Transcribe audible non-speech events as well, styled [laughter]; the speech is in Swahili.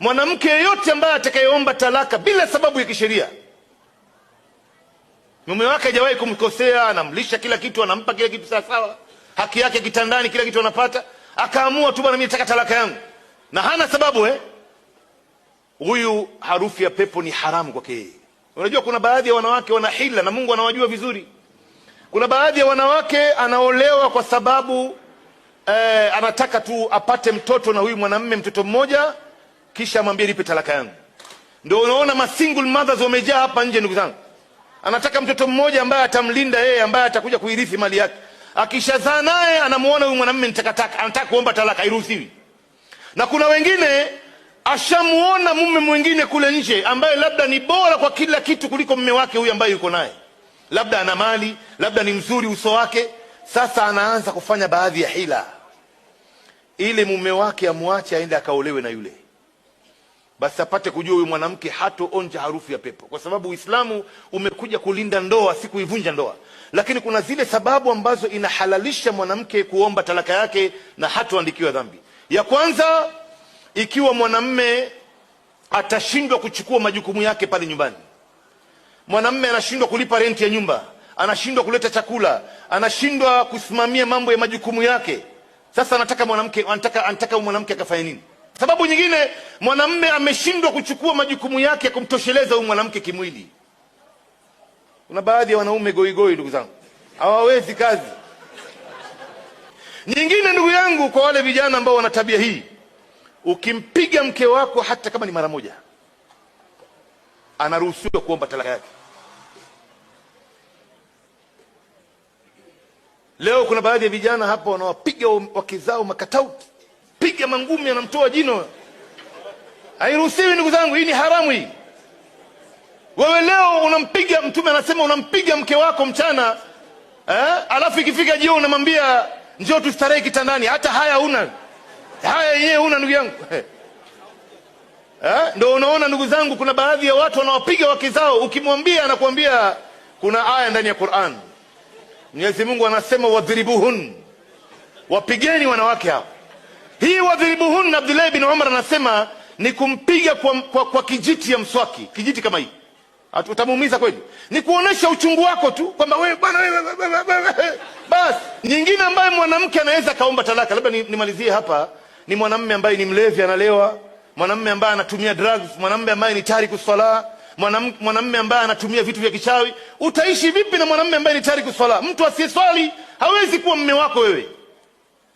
mwanamke yeyote ambaye atakayeomba talaka bila sababu ya kisheria, mume wake hajawahi kumkosea, anamlisha kila kitu, anampa kila kitu sawasawa, haki yake kitandani, kila kitu anapata, akaamua tu bwana, mimi nataka talaka yangu na hana sababu eh, huyu harufu ya pepo ni haramu kwake yeye. Unajua, kuna baadhi ya wanawake wana hila na Mungu anawajua vizuri. Kuna baadhi ya wanawake anaolewa kwa sababu eh, anataka tu apate mtoto na huyu mwanamme, mtoto mmoja kisha amwambie lipe talaka yangu. Ndio unaona masingle mothers wamejaa hapa nje, ndugu zangu. Anataka mtoto mmoja ambaye atamlinda yeye, ambaye atakuja kuirithi mali yake. Akishazaa naye anamuona huyu mwanamume ni takataka, anataka kuomba talaka, iruhusiwi. Na kuna wengine ashamuona mume mwingine kule nje ambaye labda ni bora kwa kila kitu kuliko mume wake huyu ambaye yuko naye, labda ana mali, labda ni mzuri uso wake. Sasa anaanza kufanya baadhi ya hila ili mume wake amwache aende akaolewe na yule basi apate kujua huyu mwanamke hatoonja harufu ya pepo, kwa sababu Uislamu umekuja kulinda ndoa, si kuivunja ndoa. Lakini kuna zile sababu ambazo inahalalisha mwanamke kuomba talaka yake na hatoandikiwa dhambi. Ya kwanza, ikiwa mwanamme atashindwa kuchukua majukumu yake pale nyumbani, mwanamme anashindwa kulipa renti ya nyumba, anashindwa kuleta chakula, anashindwa kusimamia mambo ya majukumu yake. Sasa anataka mwanamke, anataka, anataka mwanamke akafanya nini? Sababu nyingine, mwanamme ameshindwa kuchukua majukumu yake ya kumtosheleza huyu mwanamke kimwili. Kuna baadhi ya wanaume goigoi, ndugu zangu, hawawezi kazi nyingine. Ndugu yangu, kwa wale vijana ambao wana tabia hii, ukimpiga mke wako hata kama ni mara moja, anaruhusiwa kuomba talaka yake. Leo kuna baadhi ya vijana hapa wanawapiga wake zao makatauti anampiga mangumi, anamtoa jino. Hairuhusiwi ndugu zangu, hii ni haramu hii. Wewe leo unampiga Mtume anasema unampiga mke wako mchana eh, alafu ikifika jio unamwambia njoo tustarehe kitandani. Hata haya una haya yenyewe una ndugu yangu [laughs] eh. Eh, ndo unaona ndugu zangu, kuna baadhi ya watu wanawapiga wake zao, ukimwambia anakuambia kuna aya ndani ya Qur'an Mwenyezi Mungu anasema wadhribuhun, wapigeni wanawake hao. Hii wadhribuhunna, Abdullahi bin Umar anasema ni kumpiga kwa, kwa, kwa kijiti ya mswaki, kijiti kama hii utamuumiza kweli, ni kuonesha uchungu wako tu kwamba wewe bwana wewe, basi. Nyingine ambayo mwanamke anaweza kaomba talaka, labda nimalizie hapa, ni mwanamme ambaye ni mlevi, analewa, mwanamme ambaye anatumia drugs, mwanamme ambaye ni tariku swala, mwanamme ambaye anatumia vitu vya kichawi. Utaishi vipi na mwanamme ambaye ni tariku swala? Mtu asiyeswali hawezi kuwa mme wako wewe.